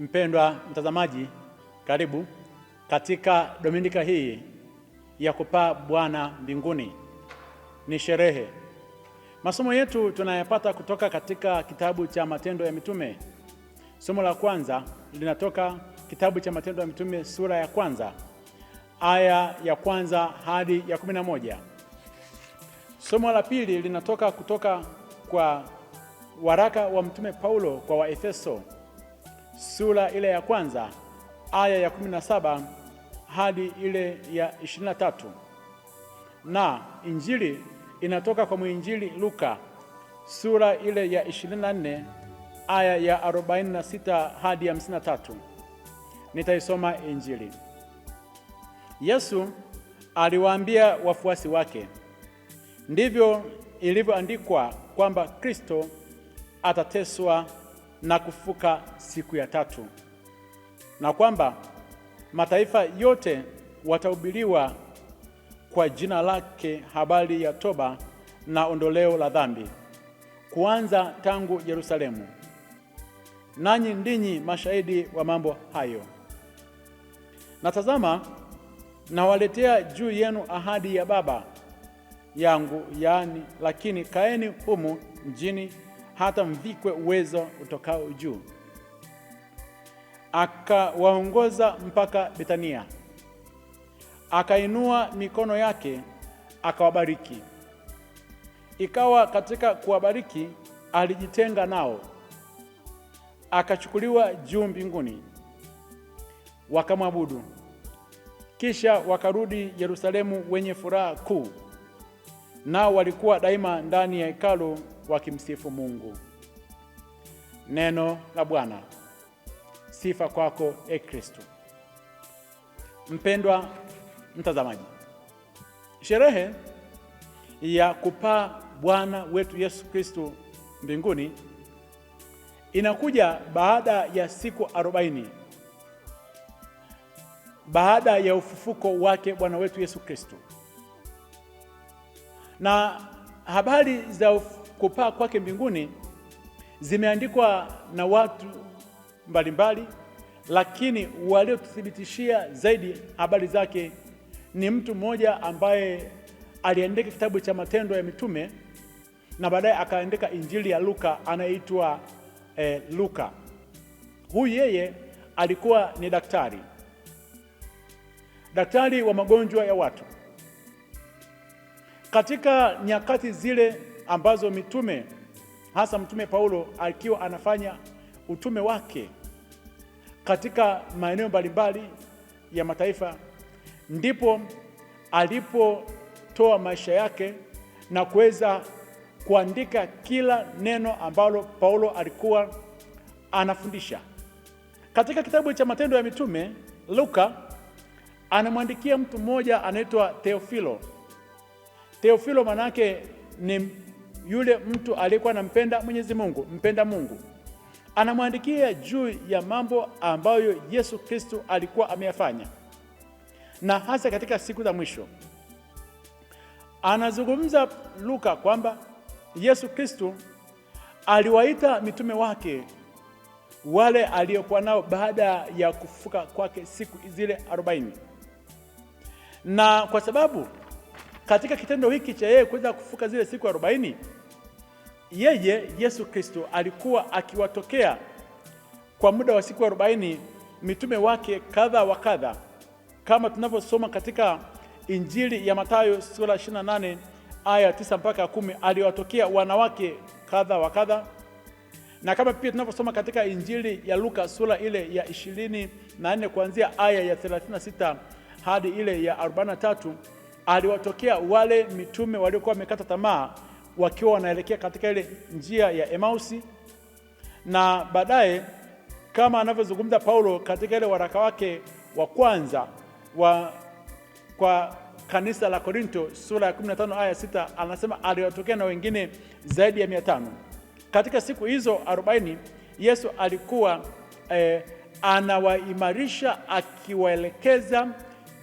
Mpendwa mtazamaji, karibu katika dominika hii ya kupaa Bwana mbinguni. Ni sherehe. Masomo yetu tunayapata kutoka katika kitabu cha Matendo ya Mitume. Somo la kwanza linatoka kitabu cha Matendo ya Mitume sura ya kwanza aya ya kwanza hadi ya kumi na moja. Somo la pili linatoka kutoka kwa waraka wa Mtume Paulo kwa Waefeso sura ile ya kwanza aya ya 17 hadi ile ya 23, na injili inatoka kwa mwinjili Luka sura ile ya 24 aya ya 46 hadi 53. Nitaisoma injili. Yesu aliwaambia wafuasi wake, ndivyo ilivyoandikwa kwamba Kristo atateswa na kufuka siku ya tatu, na kwamba mataifa yote watahubiriwa kwa jina lake habari ya toba na ondoleo la dhambi, kuanza tangu Yerusalemu. Nanyi ndinyi mashahidi wa mambo hayo. Na nawaletea juu yenu ahadi ya Baba yangu, yaani, lakini kaeni humu mjini hata mvikwe uwezo utokao juu. Akawaongoza mpaka Betania, akainua mikono yake akawabariki. Ikawa katika kuwabariki alijitenga nao, akachukuliwa juu mbinguni. Wakamwabudu. Kisha wakarudi Yerusalemu wenye furaha kuu, nao walikuwa daima ndani ya hekalu wakimsifu Mungu. Neno la Bwana. Sifa kwako e Kristo. Mpendwa mtazamaji, sherehe ya kupaa Bwana wetu Yesu Kristo mbinguni inakuja baada ya siku arobaini baada ya ufufuko wake Bwana wetu Yesu Kristo, na habari za ufufuko kupaa kwake mbinguni zimeandikwa na watu mbalimbali, lakini waliotuthibitishia zaidi habari zake ni mtu mmoja ambaye aliandika kitabu cha Matendo ya Mitume na baadaye akaandika Injili ya Luka anayeitwa eh, Luka. Huyu yeye alikuwa ni daktari, daktari wa magonjwa ya watu katika nyakati zile ambazo mitume hasa Mtume Paulo akiwa anafanya utume wake katika maeneo mbalimbali ya mataifa, ndipo alipotoa maisha yake na kuweza kuandika kila neno ambalo Paulo alikuwa anafundisha. Katika kitabu cha Matendo ya Mitume, Luka anamwandikia mtu mmoja anaitwa teofilo teofilo maanake ni yule mtu aliyekuwa anampenda Mwenyezi Mungu, mpenda Mungu, anamwandikia juu ya mambo ambayo Yesu Kristo alikuwa ameyafanya, na hasa katika siku za mwisho. Anazungumza Luka kwamba Yesu Kristo aliwaita mitume wake wale aliyokuwa nao baada ya kufuka kwake siku zile arobaini, na kwa sababu katika kitendo hiki cha yeye kuweza kufuka zile siku arobaini, yeye Yesu Kristo alikuwa akiwatokea kwa muda wa siku arobaini mitume wake kadha wa kadha, kama tunavyosoma katika Injili ya Mathayo sura 28 aya tisa mpaka kumi. Aliwatokea wanawake kadha wa kadha, na kama pia tunavyosoma katika Injili ya Luka sura ile ya 24 kuanzia aya ya 36 hadi ile ya 43 aliwatokea wale mitume waliokuwa wamekata tamaa wakiwa wanaelekea katika ile njia ya Emausi, na baadaye kama anavyozungumza Paulo katika ile waraka wake wa kwanza wa kwa kanisa la Korinto sura ya 15 aya 6, anasema aliwatokea na wengine zaidi ya mia tano. Katika siku hizo 40 Yesu alikuwa eh, anawaimarisha akiwaelekeza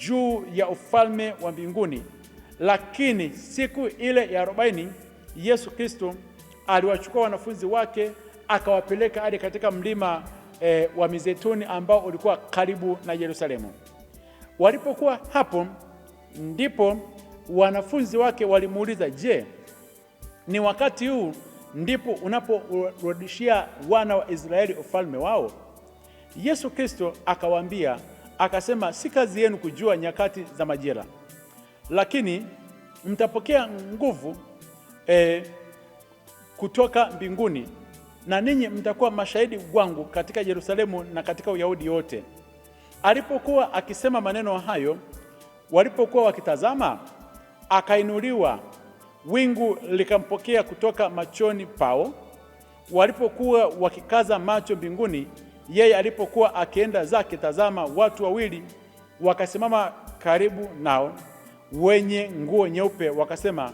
juu ya ufalme wa mbinguni. Lakini siku ile ya arobaini Yesu Kristo aliwachukua wanafunzi wake akawapeleka hadi katika mlima e, wa Mizeituni ambao ulikuwa karibu na Yerusalemu. Walipokuwa hapo, ndipo wanafunzi wake walimuuliza, je, ni wakati huu ndipo unaporudishia wana wa Israeli ufalme wao? Yesu Kristo akawaambia akasema, si kazi yenu kujua nyakati za majira, lakini mtapokea nguvu e, kutoka mbinguni na ninyi mtakuwa mashahidi wangu katika Yerusalemu na katika Uyahudi yote. Alipokuwa akisema maneno hayo, walipokuwa wakitazama, akainuliwa, wingu likampokea kutoka machoni pao. Walipokuwa wakikaza macho mbinguni yeye alipokuwa akienda zake, tazama, watu wawili wakasimama karibu nao, wenye nguo nyeupe, wakasema,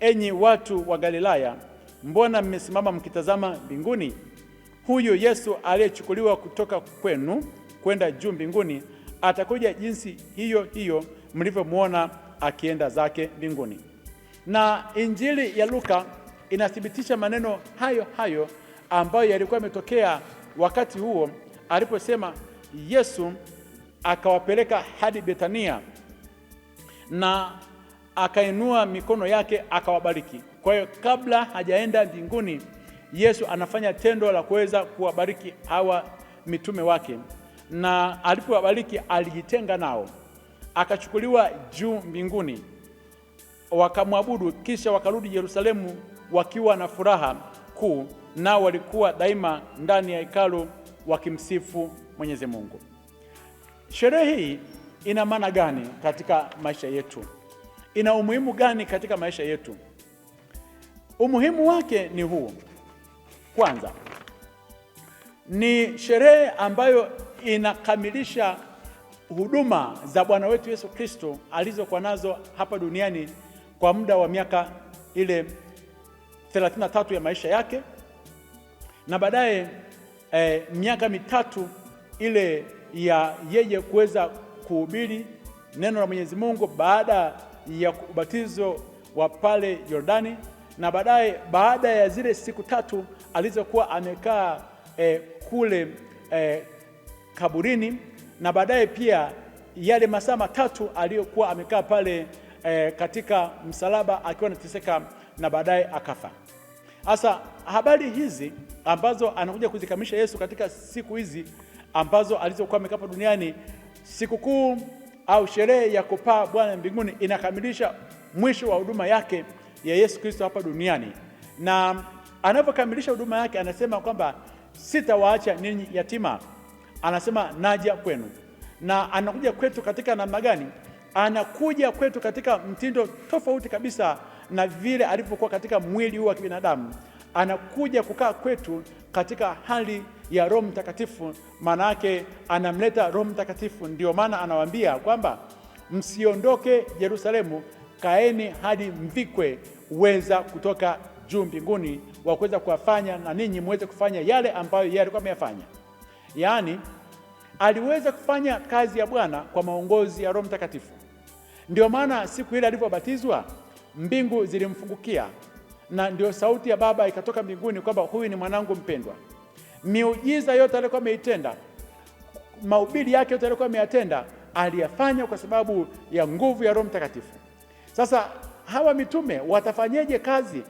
enyi watu wa Galilaya, mbona mmesimama mkitazama mbinguni? Huyu Yesu aliyechukuliwa kutoka kwenu kwenda juu mbinguni atakuja jinsi hiyo hiyo mlivyomwona akienda zake mbinguni. Na Injili ya Luka inathibitisha maneno hayo hayo ambayo yalikuwa yametokea Wakati huo aliposema Yesu akawapeleka hadi Betania na akainua mikono yake akawabariki. Kwa hiyo kabla hajaenda mbinguni, Yesu anafanya tendo la kuweza kuwabariki hawa mitume wake, na alipowabariki alijitenga nao, akachukuliwa juu mbinguni, wakamwabudu, kisha wakarudi Yerusalemu wakiwa na furaha kuu nao walikuwa daima ndani ya hekalu wakimsifu Mwenyezi Mungu. Sherehe hii ina maana gani katika maisha yetu? Ina umuhimu gani katika maisha yetu? Umuhimu wake ni huu. Kwanza, ni sherehe ambayo inakamilisha huduma za Bwana wetu Yesu Kristo alizokuwa nazo hapa duniani kwa muda wa miaka ile 33 ya maisha yake na baadaye eh, miaka mitatu ile ya yeye kuweza kuhubiri neno la Mwenyezi Mungu baada ya ubatizo wa pale Yordani, na baadaye baada ya zile siku tatu alizokuwa amekaa eh, kule eh, kaburini, na baadaye pia yale masaa matatu aliyokuwa amekaa pale eh, katika msalaba akiwa anateseka na baadaye akafa. Sasa habari hizi ambazo anakuja kuzikamilisha Yesu katika siku hizi ambazo alizokuwa amekaa hapa duniani, sikukuu au sherehe ya kupaa Bwana mbinguni inakamilisha mwisho wa huduma yake ya Yesu Kristo hapa duniani, na anapokamilisha huduma yake anasema kwamba sitawaacha ninyi yatima, anasema naja kwenu. Na anakuja kwetu katika namna gani? Anakuja kwetu katika mtindo tofauti kabisa na vile alivyokuwa katika mwili huu wa kibinadamu, anakuja kukaa kwetu katika hali ya Roho Mtakatifu. Maana yake anamleta Roho Mtakatifu. Ndio maana anawaambia kwamba msiondoke Yerusalemu, kaeni hadi mvikwe uweza kutoka juu mbinguni, wa kuweza kuwafanya na ninyi muweze kufanya yale ambayo yeye alikuwa ameyafanya. Yaani aliweza kufanya kazi ya Bwana kwa maongozi ya Roho Mtakatifu. Ndio maana siku ile alivyobatizwa mbingu zilimfungukia, na ndio sauti ya Baba ikatoka mbinguni kwamba huyu ni mwanangu mpendwa. Miujiza yote aliyokuwa ameitenda, mahubiri yake yote aliyokuwa ameyatenda, aliyafanya kwa sababu ya nguvu ya Roho Mtakatifu. Sasa hawa mitume watafanyeje kazi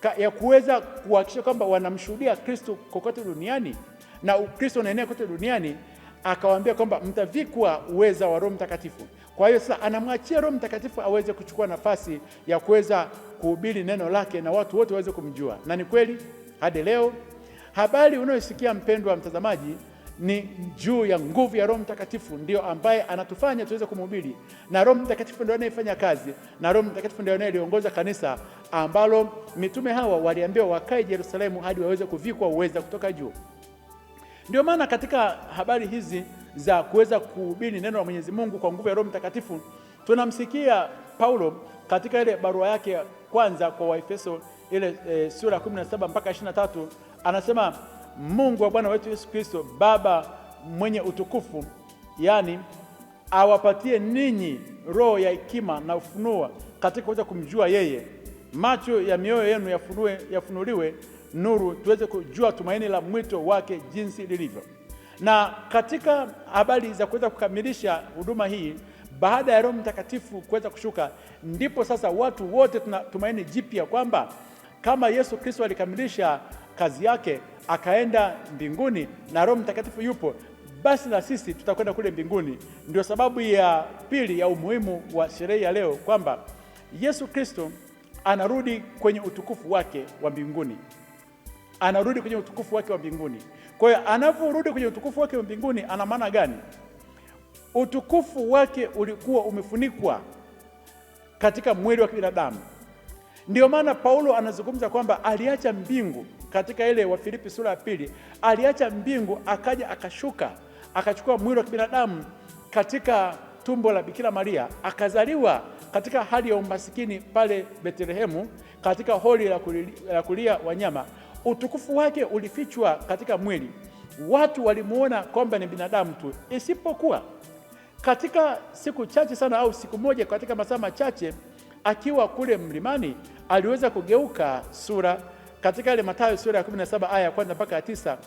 ka, ya kuweza kuhakikisha kwamba wanamshuhudia Kristo kokote duniani na Kristo unaenea kote duniani akawaambia kwamba mtavikwa uweza wa Roho Mtakatifu. Kwa hiyo sasa anamwachia Roho Mtakatifu aweze kuchukua nafasi ya kuweza kuhubiri neno lake na watu wote waweze kumjua. Na ni kweli hadi leo habari unayosikia mpendwa mtazamaji ni juu ya nguvu ya Roho Mtakatifu, ndio ambaye anatufanya tuweze kumhubiri, na Roho Mtakatifu ndio anayefanya kazi, na Roho Mtakatifu ndio anayeliongoza kanisa ambalo mitume hawa waliambiwa wakae Yerusalemu hadi waweze kuvikwa uweza kutoka juu. Ndio maana katika habari hizi za kuweza kuhubiri neno la Mwenyezi Mungu kwa nguvu ya Roho Mtakatifu tunamsikia Paulo katika ile barua yake kwanza kwa Waefeso ile e, sura ya 17 mpaka 23 anasema, Mungu wa Bwana wetu Yesu Kristo Baba mwenye utukufu, yani awapatie ninyi roho ya hekima na ufunuo katika kuweza kumjua yeye, macho ya mioyo yenu yafunue yafunuliwe nuru, tuweze kujua tumaini la mwito wake jinsi lilivyo. Na katika habari za kuweza kukamilisha huduma hii baada ya Roho Mtakatifu kuweza kushuka, ndipo sasa watu wote tuna tumaini jipya kwamba kama Yesu Kristo alikamilisha kazi yake akaenda mbinguni na Roho Mtakatifu yupo, basi na sisi tutakwenda kule mbinguni. Ndio sababu ya pili ya umuhimu wa sherehe ya leo kwamba Yesu Kristo anarudi kwenye utukufu wake wa mbinguni anarudi kwenye utukufu wake wa mbinguni. Kwa hiyo anaporudi kwenye utukufu wake wa mbinguni, ana maana gani? Utukufu wake ulikuwa umefunikwa katika mwili wa kibinadamu. Ndiyo maana Paulo anazungumza kwamba aliacha mbingu katika ile Wafilipi sura ya pili, aliacha mbingu akaja akashuka akachukua mwili wa kibinadamu katika tumbo la Bikira Maria, akazaliwa katika hali ya umasikini pale Betlehemu, katika holi la kulia wanyama, utukufu wake ulifichwa katika mwili, watu walimwona kwamba ni binadamu tu, isipokuwa katika siku chache sana au siku moja katika masaa machache akiwa kule mlimani aliweza kugeuka sura. Katika ile Mathayo sura ya 17 aya ya kwanza mpaka ya tisa,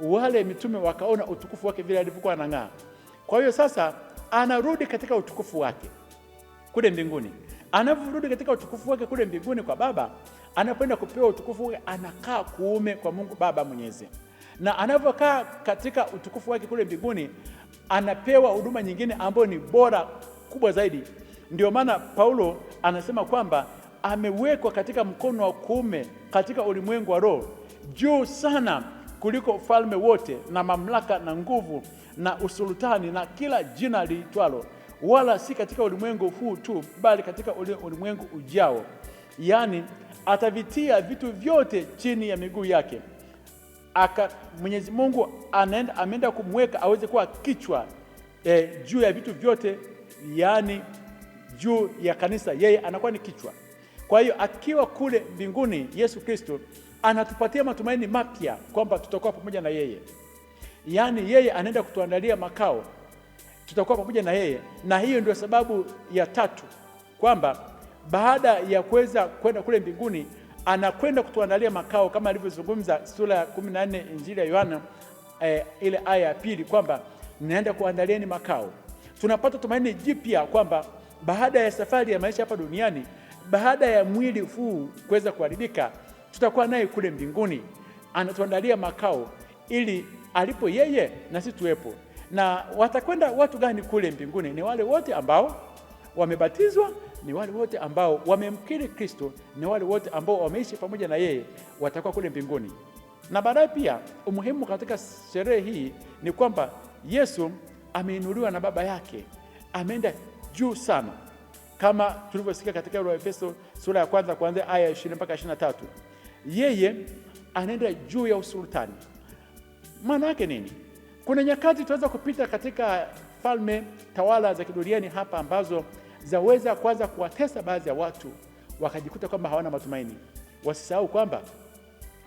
wale mitume wakaona utukufu wake vile alivyokuwa anang'aa. Kwa hiyo sasa anarudi katika utukufu wake kule mbinguni. Anavyorudi katika utukufu wake kule mbinguni kwa Baba, anapenda kupewa utukufu wake, anakaa kuume kwa Mungu Baba Mwenyezi, na anavyokaa katika utukufu wake kule mbinguni anapewa huduma nyingine ambayo ni bora kubwa zaidi. Ndio maana Paulo anasema kwamba amewekwa katika mkono wa kuume katika ulimwengu wa roho, juu sana kuliko ufalme wote na mamlaka na nguvu na usultani na kila jina liitwalo wala si katika ulimwengu huu tu, bali katika ulimwengu ujao. Yaani atavitia vitu vyote chini ya miguu yake. Aka Mwenyezi Mungu anaenda ameenda kumweka aweze kuwa kichwa eh, juu ya vitu vyote, yaani juu ya kanisa, yeye anakuwa ni kichwa. Kwa hiyo akiwa kule mbinguni, Yesu Kristo anatupatia matumaini mapya kwamba tutakuwa pamoja na yeye, yaani yeye anaenda kutuandalia makao tutakuwa pamoja na yeye, na hiyo ndio sababu ya tatu kwamba baada ya kuweza kwenda kule mbinguni anakwenda kutuandalia makao kama alivyozungumza sura ya 14 Injili ya Yohana e, ile aya ya pili kwamba naenda kuandalieni makao. Tunapata tumaini jipya kwamba baada ya safari ya maisha hapa duniani, baada ya mwili huu kuweza kuharibika, tutakuwa naye kule mbinguni, anatuandalia makao ili alipo yeye na sisi tuwepo na watakwenda watu gani kule mbinguni? Ni wale wote ambao wamebatizwa, ni wale wote ambao wamemkiri Kristo, ni wale wote ambao wameishi pamoja na yeye, watakuwa kule mbinguni. Na baadaye pia, umuhimu katika sherehe hii ni kwamba Yesu ameinuliwa na Baba yake, ameenda juu sana, kama tulivyosikia katika ile Efeso sura ya kwanza kuanzia aya ya 20 mpaka 23. Yeye anaenda juu ya usultani. Maana yake nini? Kuna nyakati tunaweza kupita katika falme tawala za kiduniani hapa ambazo zaweza kwanza kuwatesa baadhi ya watu wakajikuta kwamba hawana matumaini. Wasisahau kwamba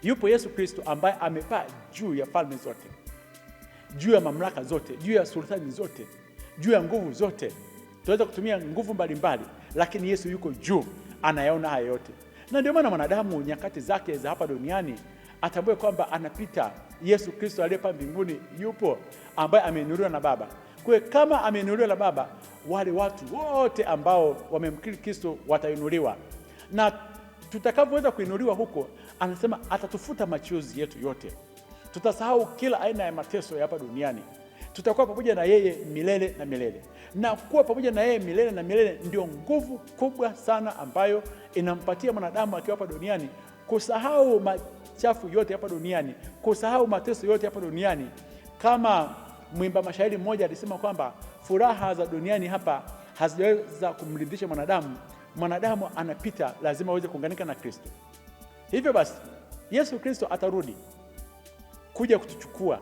yupo Yesu Kristo ambaye amepaa juu ya falme zote, juu ya mamlaka zote, juu ya sultani zote, juu ya nguvu zote. Tunaweza kutumia nguvu mbalimbali mbali, lakini Yesu yuko juu, anayaona haya yote, na ndio maana mwanadamu nyakati zake za hapa duniani atambue kwamba anapita Yesu Kristo aliyepaa mbinguni yupo, ambaye ameinuliwa na Baba. Kwa kama ameinuliwa na Baba, wale watu wote ambao wamemkiri Kristo watainuliwa, na tutakapoweza kuinuliwa huko, anasema atatufuta machozi yetu yote, tutasahau kila aina ya mateso ya hapa duniani, tutakuwa pamoja na yeye milele na milele. Na kuwa pamoja na yeye milele na milele ndio nguvu kubwa sana ambayo inampatia mwanadamu akiwa hapa duniani kusahau chafu yote hapa duniani, kusahau mateso yote hapa duniani. Kama mwimba mashairi mmoja alisema kwamba furaha za duniani hapa hazijaweza kumridhisha mwanadamu. Mwanadamu anapita, lazima aweze kuunganika na Kristo. Hivyo basi, Yesu Kristo atarudi kuja kutuchukua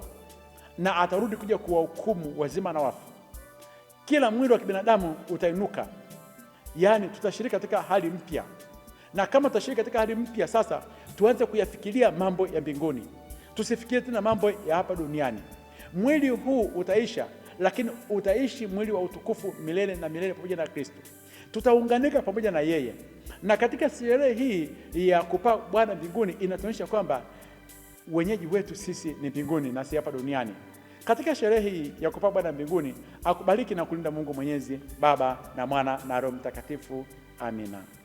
na atarudi kuja kuwahukumu wazima na wafu. Kila mwili wa kibinadamu utainuka, yaani tutashiriki katika hali mpya, na kama tutashiriki katika hali mpya sasa tuanze kuyafikiria mambo ya mbinguni, tusifikirie tena mambo ya hapa duniani. Mwili huu utaisha, lakini utaishi mwili wa utukufu milele na milele pamoja na Kristo. Tutaunganika pamoja na yeye, na katika sherehe hii ya kupaa Bwana mbinguni inatuonyesha kwamba wenyeji wetu sisi ni mbinguni na si hapa duniani. Katika sherehe hii ya kupaa Bwana mbinguni, akubariki na kulinda Mungu Mwenyezi, Baba na Mwana na Roho Mtakatifu. Amina.